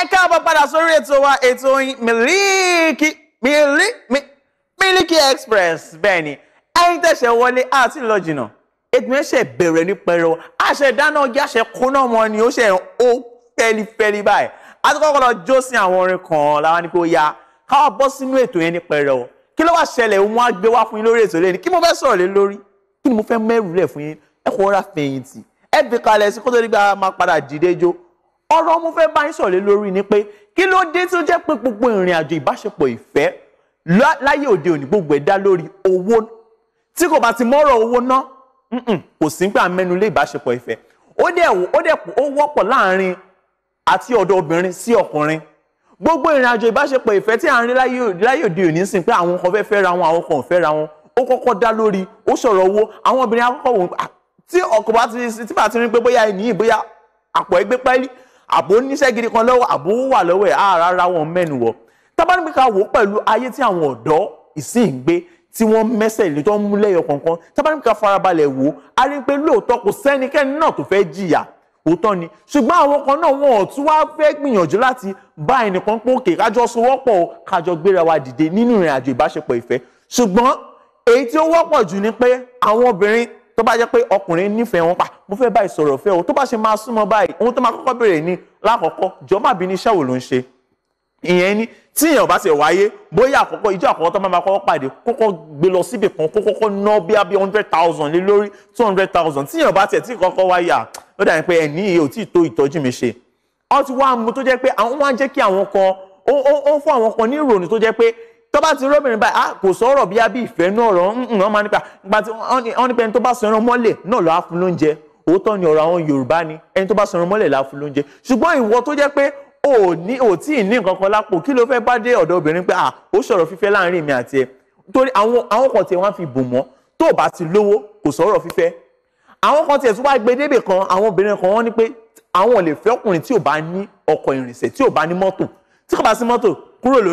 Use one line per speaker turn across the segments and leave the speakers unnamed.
ẹ káàbọ̀ padà sórí ètò wa ètò yín mílíkì mílíkì express bẹ́ẹ̀ ni ẹ̀yin tẹ̀sẹ̀ wọlé àti lọ jìnnà ètò yẹn ṣe bẹ̀rẹ̀ ní pẹ̀rọ àṣẹ ìdáná ọjà ṣe kóná mọ́ ni ó ṣe ń ó fẹ́lifẹ́li báyìí àtúkọ́kọ́ lọ jó sí àwọn orin kan làwọn ni kò ya káwọn bọ́ sínú ètò yẹn ní pẹ̀rọ kí ló wá ṣẹlẹ̀ wọn á gbé wá fún yín lórí ètò lẹ́ni kí mo fẹ́ sọ̀rọ̀ lé lórí kí ni mo fẹ́ mẹ́rù lẹ̀ fún yín ẹ kò rà fẹ̀yìntì ẹ fi kalẹ̀ sí kó nígbà máa padà dìde jó ọ̀rọ̀ mo fẹ́ bá yín sọ̀rọ̀ lé lórí ni pé kí ló dé tí ó jẹ́ pé gbogbo ìrìn àjò ìbáṣepọ̀ ìfẹ́ láyé òde òní gbogbo ẹ̀ dá lórí owó tí kò bá ti mọ́rọ̀ owó ná kò sí gbà mẹ́nu lé ìbáṣepọ̀ ìfẹ́ ó dẹ̀ ó dẹ̀ ó wọ́pọ̀ láàrin àti ọ̀dọ̀ obìnrin sí ọkùnrin gbogbo ìrìn àjò ìbáṣepọ̀ ìfẹ́ tí à ń rí láyé òde òní sìn pé àwọn kan fẹ́ fẹ́ ra wọn àwọn kan ò fẹ́ ra wọn ó kọ́kọ́ dá lórí ó sọ̀rọ̀ owó àwọn obìnrin akọ́kọ́ wò tí ọkọ bá ti tí bá ti rí pé bóyá ẹnìyí bóyá àpò ẹgbẹ́ pẹ́ẹ́lí àbò níṣẹ́ gidi kan lọ́wọ́ àbò wà lọ́wọ́ ẹ̀ àràrà wọn mẹ́nu wọ̀ tábánimí ká wò pẹ̀lú ayé tí àwọn ọ̀dọ́ ìsìn ń gbé tí wọ́n mẹ́sẹ̀ lé tó ń mú lẹ́yọ kọ̀ọ̀kan tábánimí ká farabalẹ̀ wò á rí i pé lóòótọ́ kò sẹ́nikẹ́ni náà tó fẹ́ jìyà òótọ́ ni ṣùgbọ́n àwọn kan náà wọn ò tún wá fẹ́ gbìyànjú láti bá ẹnìkan pòkè kájọ sowọ́pọ̀ kájọ gbéra wa dìde nínú ìrìn àjò ìbáṣepọ̀ ìfẹ́ ṣùgbọ́n èyí tí ó wọ́pọ̀ jù ni pé àwọn obìnrin tó bá jẹ́ pé ọkùnrin nífẹ̀ẹ́ wọn pa mo fẹ́ báyìí sọ̀rọ̀ fẹ́ o tó bá ṣe máa súnmọ́ báyìí ohun tó máa kọ́kọ́ bẹ̀rẹ̀ ni lákọ̀ọ́kọ́ jọ má bí ní iṣẹ́ wo ló ń ṣe ìyẹn ni tí èèyàn bá ṣe wáyé bóyá àkọ́kọ́ ìjọ àkọ́kọ́ tó máa kọ́kọ́ pàdé kọ́kọ́ gbé lọ síbì kan kó kọ́kọ́ ná bíá bí hundred thousand lé lórí two hundred thousand tí èèyàn bá tiẹ̀ tí kọ́kọ́ wáyà ó dàbí pé ẹ̀ní yìí ò tí ì tó ìtọ́jú mi ṣe ọ ti wá mu tó jẹ́ pé àwọn wá ń jẹ́ kí àwọn kan ó fún àwọn kan ní ìrònú tó jẹ́ pé tó bá ti rọ́bìnrin báyìí ah kò sọ̀rọ̀ bíi abí ìfẹ́ náà ọ̀rọ̀ wọn máa nípa nípa tí wọ́n nípa ẹni tó bá sọ̀rọ̀ mọ́lẹ̀ náà lọ́ọ́ fún lóúnjẹ òótọ́ ni ọ̀rọ̀ àwọn Yorùbá ni ẹni tó bá sọ̀rọ̀ mọ́lẹ̀ lọ́ọ́ fún lóúnjẹ ṣùgbọ́n ìwọ tó jẹ́ pé o ní o tí ì ní nǹkan kan lápò kí ló fẹ́ bá dé ọ̀dọ̀ obìnrin pé ah ó sọ̀rọ̀ fífẹ́ láàrin mi àti o bá ti lówó kò sọ̀rọ̀ fífẹ́ àwọn kan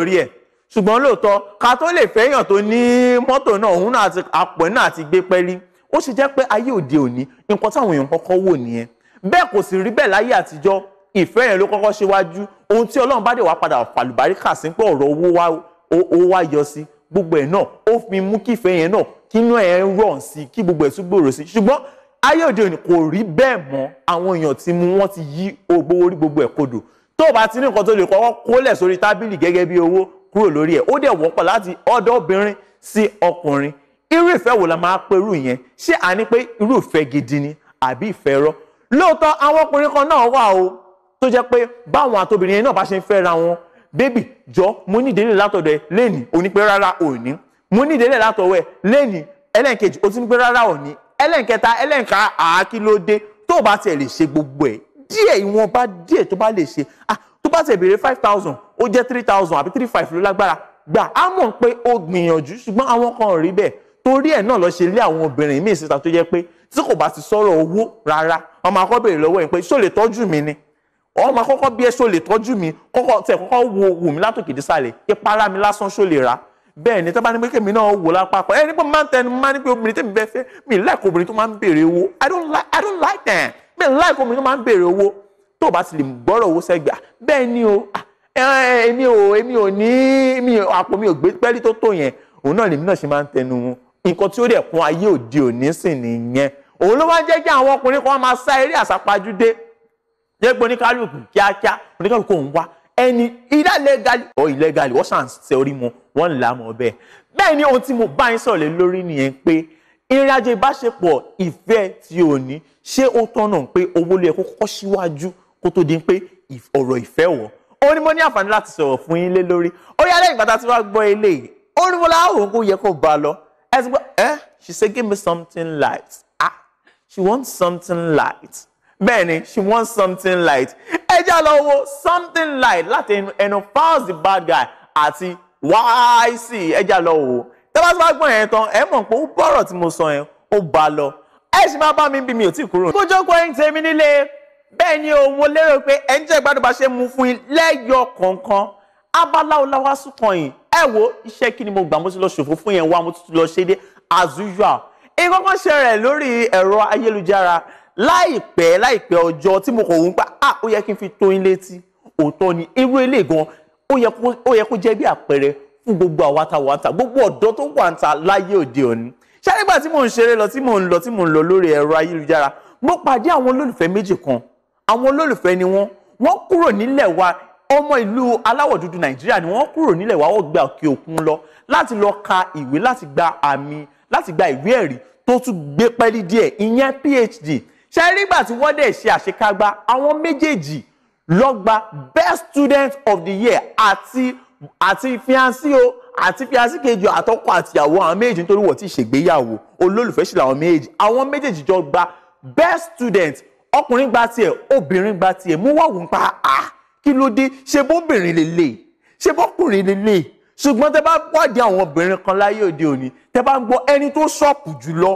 tiẹ̀ ṣùgbọ́n lóòótọ́ ká tó lè fẹ́yàn tó ní mọ́tò náà òun náà àti àpò náà àti gbé pẹ́lí ó ṣe jẹ́ pé ayé òde òní nǹkan táwọn èèyàn kọ́kọ́ wò nìyẹn bẹ́ẹ̀ kò sì rí bẹ́ẹ̀ láyé àtijọ́ ìfẹ́ yẹn ló kọ́kọ́ ṣíwájú ohun tí ọlọ́run bá dé wá padà fàlùbáríkà sí pé ọ̀rọ̀ owó wá yọ sí gbogbo ẹ̀ náà ó fi mú kí ìfẹ́ yẹn náà kínú ẹ̀ rọ̀ sí kí gbogbo ẹ̀ tún gbòòrò sí ṣùgbọ́n ayé òde òní kò rí bẹ́ẹ̀ mọ́ àwọn èèyàn ti mú wọ́n ti yí gbogbo orí gbogbo ẹ̀ kodò tó o bá ti ní nǹkan tó lè kọ́kọ́ kólẹ̀ sórí tábìlì gẹ́gẹ́ bí owó kúrò lórí ẹ̀ ó dẹ̀ wọ́pọ̀ láti ọ̀dọ̀ obìnrin sí ọkùnrin irú ìfẹ́ wo la máa perú yẹn ṣé à ní pé irú ìfẹ́ gidi ni àbí ìfẹ́ rọ́ lóòótọ́ àwọn ọkùnrin kan náà wà o tó jẹ́ pé báwọn àtobìnrin yẹn náà bá ṣe ń fẹ́ra wọn bébì jọ mo ní ìdílé látọ̀dọ̀ ẹ lẹ́nìí onípe rárá òní mo ní ìdílé látọ̀wọ́ ẹ lẹ́nìí ẹlẹ́nkejì ó ti ń pé rárá òní ẹlẹ́nkẹta ẹlẹ́nka àákílódé tó o bá tiẹ̀ lè ṣe gbogbo ẹ̀ díẹ̀ ìwọ̀nba díẹ̀ tó bá lè ṣe ah tó bá tiẹ̀ béèrè five thousand ó jẹ́ three thousand àbí three five ló lágbára gbà á mọ̀ pé ó gbìyànjú ṣùgbọ́n àwọn kan rí bẹ́ẹ̀ torí ẹ̀ náà lọ ṣe lé àwọn obìnrin míì síta tó jẹ́ pé tí kò bá ti sọ̀rọ̀ owó rárá wọ́n máa kọ́ béèrè lọ́wọ́ ẹ̀ pé ṣó lè tọ́jú mi ni wọ́n máa kọ́kọ́ bí ẹ ṣó lè tọ́jú mi kọ́kọ́ tẹ̀ kọ́kọ́ wo wù mí látòkè dísàlẹ̀ ìpara mi lásán ṣó lè ra bẹ́ẹ̀ ni tọ́ba ní pé kèmí náà wò lápapọ̀ ẹ ní pé máa ń tẹnu máa ní pé obìnrin tẹ̀mí bẹ́ẹ̀ fẹ́ mi like obìnrin tó máa ń béèrè owó i don't like i don't like them mi like obìnrin tó máa ń béèrè owó tó o bá ti lè gbọ́rọ̀ owó sẹ́gbẹ̀ẹ́ ah, bẹ́ẹ̀ ni o ah Eh, èmi ò èmi ò ní mi àpò mi ò gbé pẹ́ẹ́lí tó tó yẹn òun náà lèmi náà ṣe máa ń tẹnu nǹkan tí ó dẹ̀ kún ayé òde òní sì nìyẹn òun ló máa ń jẹ́ kí àwọn ọkùnrin kan máa sá eré àsápajúdé jẹ́gbẹ́ oníkálukú kíákíá oníkálukú òun wá ẹni ilá lẹ́gàlì ọ̀ ìlẹ́gàlì wọ́n ṣàn ṣe orí mu wọ́n ń là á mọ̀ bẹ́ẹ̀ bẹ́ẹ̀ ni ohun tí mo bá yín sọ̀rọ̀ lé lórí nìyẹn pé ìrìn àjò ìbáṣepọ̀ ìfẹ́ tí ò ní ṣé ó tọ́nà pé owó ló yẹ kó kọ́kọ́ síwájú kó tó di pé ọ̀rọ̀ ìfẹ́ wọ̀ ó ní mo ní àǹfààní láti sọ̀rọ̀ fún yín lé lórí ó yá lẹ́yìn bàtà tí wàá gbọ́ eléyìí ó ní mo láwọn òun kò yẹ kó bá a lọ ẹ ti ẹ eh, she say give me something light ah she wants something light bẹ́ẹ̀ ni she wants something light ẹ já lọ wo something light láti ẹnu fouls the bad guy àti yc ẹ já lọ wo tẹ́lá tí wàá gbọ́ yẹn tán ẹ mọ̀ pé ó bọ̀rọ̀ tí mo sọ yẹn ó bá a lọ ẹ sì máa bá mi bí mi ò tí kúrò. kójọ́ kọ́ ẹ̀yìn tèmi nílé bẹ́ẹ̀ ni o mo lérò pé ẹni tí ẹgbàdo bá ṣe mú fún yín lẹ́yọ kọ̀ọ̀kan abáláwo láwá sùkàn yìí ẹ wo iṣẹ́ kí ni mo gbà mo ti lọ ṣòfò fún yẹn wá mo tún lọ ṣe dé as usual ìkọ́kọ́ ṣe rẹ̀ lórí ẹ̀rọ ayélujára láìpẹ́ láìpẹ́ ọjọ́ tí mo kọ̀ wọ́n pa ah ó yẹ kí n fi tó yín létí òótọ́ ni irú ilé gan ó yẹ kó jẹ́ bí àpẹẹrẹ fún gbogbo àwátawàta gbogbo ọ̀dọ́ tó wà ń ta láyé òde òní ṣáà nígbà tí mò ń ṣeré lọ tí mò ń lọ tí mò ń lọ lórí ẹ̀rọ ayélujára mo pàdé àwọn olólùfẹ́ méjì kan àwọn olólùfẹ́ ni wọ́n wọ́n kúrò nílẹ̀ wa ọmọ ìlú aláwọ̀ dúdú nàìjíríà ni wọ́n kúrò nílẹ̀ wa wọ́n gba òkè òkun lọ láti lọ ka ìwé láti gba àmì láti gba ìwé ẹ̀rí tó tún gbé pẹ́lí díẹ̀ ìyẹn phd ṣe é nígbà tí wọ́n dẹ̀ ṣe àṣekágbá àwọn méjèèjì ló best student of the year àti àti fiancé o àti fiancé kejì àtọkọ àtìyàwó àwọn méjèèjì nítorí wọ́n ti ṣègbéyàwó olólùfẹ́ sì làwọn méjèèjì àwọn méjèèjì jọ gba best student ọkùnrin gba tiẹ̀ obìnrin gba tiẹ̀ mú wà wò ń pa á kí ló dé ṣe bóbìnrin lè lè ṣe bọ́kùnrin lè lè ṣùgbọ́n tẹ bá wádìí àwọn obìnrin kan láyé òde òní tẹ bá ń gbọ́ ẹni tó ṣọ́ọ̀pù jùlọ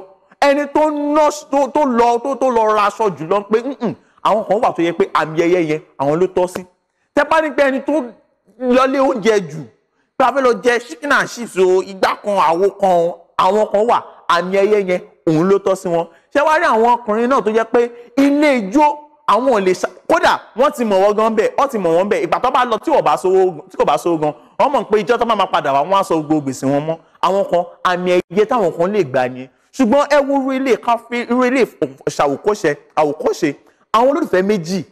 ẹni tó ná tó lọ tó lọ ra aṣọ jùlọ pé àwọn kan wà tó yẹ pé àmì ẹyẹ yẹn àwọn ló tọ́ sí tẹ bá ní pé ẹni tó lọlé oúnjẹ jù pé a fẹ́ lọ jẹ chicken and chips o igbá kan àwo kan àwọn kan wà àmì ẹyẹ yẹn òun ló tọ́ sí wọn ṣé wàá rí àwọn ọkùnrin náà tó jẹ́ pé ilé ijó àwọn ò lè ṣá kódà wọ́n ti mọ̀ wọ́n gan bẹ́ẹ̀ ọ́ ti mọ̀ wọ́n bẹ́ẹ̀ ìgbà tó bá lọ tí kò bá sówó gan wọ́n mọ̀ pé ìjọ́ tó bá máa padà wá wọ́n á sọ gbogbo gbèsè wọn mọ́ àwọn kan àmì ẹ̀yẹ táwọn kan lè gbà yẹn ṣùgbọ́n ẹ wo irú ilé káfí irú ilé ṣàwòkọ́ṣe àwòkọ́ṣe àwọn olólùfẹ́ méjì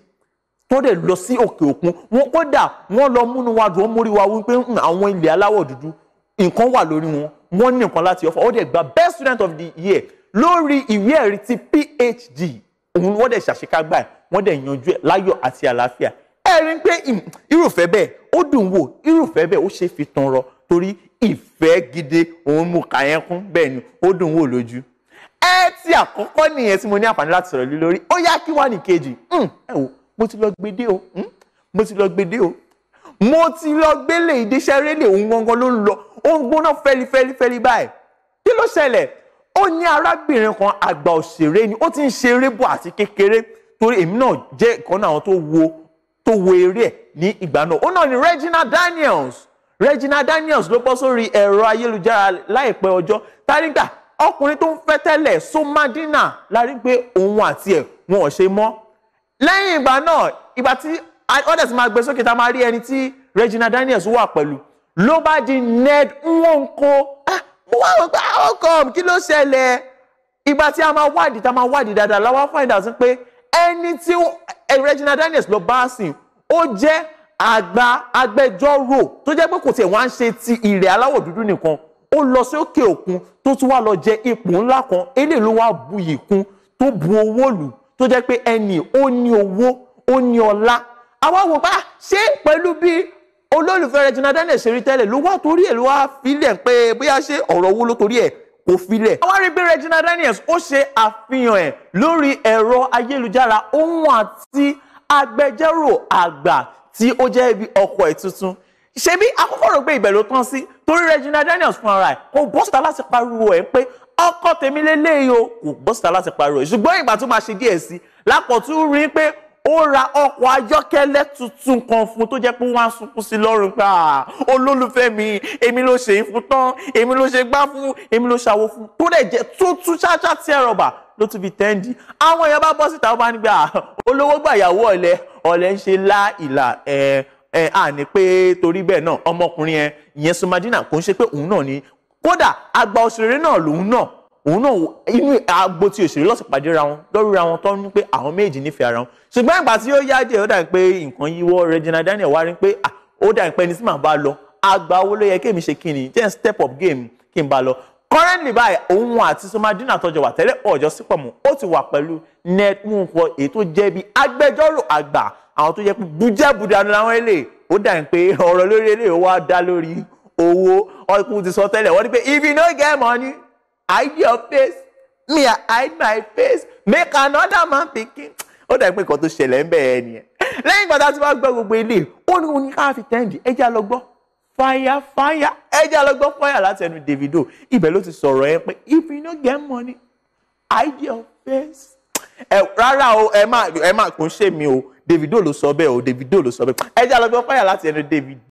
tó dẹ̀ lọ sí òkè òkun wọn kódà wọ́n lọ múnú wa dùn ó mórí wa wípé hmm, àwọn ilẹ̀ aláwọ̀ dúdú nǹkan wà lórí wọn wọ́n ní nǹkan láti ọ̀fọ̀ ó dẹ̀ gba best student of the year lórí ìwé ẹ̀rí ti PhD òun wọ́n dẹ̀ ṣàṣekágbà wọ́n dẹ̀ yanjú ẹ̀ láyọ̀ àti àlàáfíà ẹ rí i pé irúfẹ́ bẹ́ẹ̀ ó dùn wò irúfẹ́ bẹ́ẹ̀ ó ṣe fi tan rọ torí ìfẹ́ gidi òun mú kàyẹn kún bẹ́ẹ̀ ni ó dùn wò lójú ẹ ti àkọ́kọ́ nìyẹn tí mo ní àǹfààní láti sọ̀rọ̀ lé lórí ó yá kí wá ní kejì hmm, ẹ wò mo ti lọ gbede hmm, o mo ti lọ gbede o mo ti lọ gbélé ìdíṣẹ́ rélé òun gangan ló ń lọ ó ń gbóná fẹ́lifẹ́lifẹ́li báyìí kí ló ṣẹlẹ̀ ó ní arábìnrin kan àgbà òṣèré ni ó ti ń ṣeré bọ̀ àti kékeré torí èmi náà jẹ́ ìkan náà àwọn tó wo tó wo eré ẹ̀ ní ìgbà náà ó náà ni Regina Daniels Regina Daniels ló bọ́ sórí ẹ̀rọ ayélujára láìpẹ́ ọjọ́ tárígbà ọkùnrin tó ń fẹ́ tẹ́lẹ̀ Somadina la rí pé òun àti ẹ̀ wọn ò ṣe mọ́ lẹ́yìn ìgbà náà ìgbà tí ọ̀dẹ̀ máa gbé sókè tá a máa rí ẹni tí Regina Daniels wà pẹ̀lú ló bá di Ned Nwoko ah mo wá wọn pé ah, how come kí ló ṣẹlẹ̀ ìgbà tí a máa wádìí tá a máa wádìí dáadáa la wá find out pé ẹni tí eh, Regina Daniels lọ bá sìn ó jẹ́ àgbà agbẹjọ́rò tó jẹ́ pé kò tiẹ̀ wá ń ṣe ti ìrẹ̀ aláwọ̀ dúdú nìkan ó lọ sí òkè òkun tó tún wá lọ jẹ ipò ńlá kan eléyìí ló wá bu ìkún tó bu owó lù tó jẹ́ pé ẹni ó ní owó ó ní ọlá àwa wò bá ah, ṣé pẹ̀lú bí olólùfẹ́ rẹ̀ Jonathan ẹ̀ ṣe rí tẹ́lẹ̀ ló wá torí ẹ̀ ló wá filẹ̀ pé bóyá ṣé ọ̀rọ̀ owó ló torí ẹ̀ kò filẹ̀. àwa rí bí Regina Daniels ó ṣe àfihàn ẹ̀ lórí ẹ̀rọ ayélujára ohun àti agbẹjọ́rò àgbà tí ó jẹ́ ibi ọkọ ẹ̀ tuntun. ṣebí akọ́kọ́ rò pé ibẹ̀ tán sí torí Regina Daniels fún ara ẹ̀ kò bọ́ síta láti pariwo ẹ̀ pé ọkọ tèmi lélẹ́yìí o kò bọ́ síta láti pariwo ẹ̀ ṣùgbọ́n ìgbà tó máa ṣe díẹ̀ sí lápọ̀ tún rí pé ó ra ọkọ̀ ayọ́kẹ́lẹ́ tuntun kan fún tó jẹ́ pé wọ́n á sunkún sí lọ́rùn pé ah, olólùfẹ́ mi èmi ló ṣe ìfún tán èmi ló ṣe gbá fún èmi ló ṣàwo fún tó dẹ̀ jẹ́ tuntun ṣáṣá tí ẹ̀rọ bà ló tún fi tẹ́ǹdì àwọn èèyàn bá bọ́ síta ó bá ń gbà ah, olówó gbà ìyàwó ọ̀lẹ ọ̀lẹ ń ṣe láìlà ẹ̀ ẹ̀ àní pé torí bẹ́ẹ̀ náà ọmọkùnrin ẹ̀ ìyẹn Sumadina kò ń ṣe pé òun náà ni kódà àgbà òṣèré náà lòun náà òun náà inú agbo tí òṣèré lọ́sẹ̀ pàdé ra wọn lọ́rù ra wọn tó ń pé àwọn méjì nífẹ̀ẹ́ ara wọn ṣùgbọ́n ìgbà tí ó yá díẹ̀ ó dà pé nǹkan yíwọ́ Regina Daniel wá rí pé ó dà pé ẹni tí màá bá lọ àgbà owó ló yẹ kí èmi ṣe kí ni jẹ́ step up game kí n bá lọ currently báyìí òun àti Somadina tọjọ wà tẹ́lẹ̀ ọ̀jọ́ sípò mu ó ti wà pẹ̀lú nẹ́tíwọ̀nkọ èyí tó jẹ́ bí agbẹjọ́rò àgbà àwọn tó jẹ́ pé bùjẹ́bùdà ni àwọn eléyìí ó dà pé ọ̀rọ̀ lórí eléyìí ó wá dá lórí owó ọkùnrin ti sọ tẹ́lẹ̀ wọ́n ní pé if you no get money hide your face me i hide my face make another man pikin ó dàbí pé nǹkan tó ṣẹlẹ̀ ń bẹ̀ẹ́ nìyẹn lẹ́yìn ìgbà tá a ti wá gbọ́ gbogbo ilé ó ní òun ní ká fi tẹ́ǹdì ẹjẹ́ àlọ́gbọ́ fire fire ẹjẹ́ àlọ́gbọ́ fire láti ẹnu Davido ibẹ̀ ló ti sọ̀rọ̀ ẹ pé if you no get money hide your face ẹ rárá o ẹ má ẹ má kún ṣe mi o Davido ló sọ bẹ́ẹ̀ o Davido ló sọ bẹ́ẹ̀ ẹjẹ́ àlọ́gbọ́ fire láti ẹnu Davido.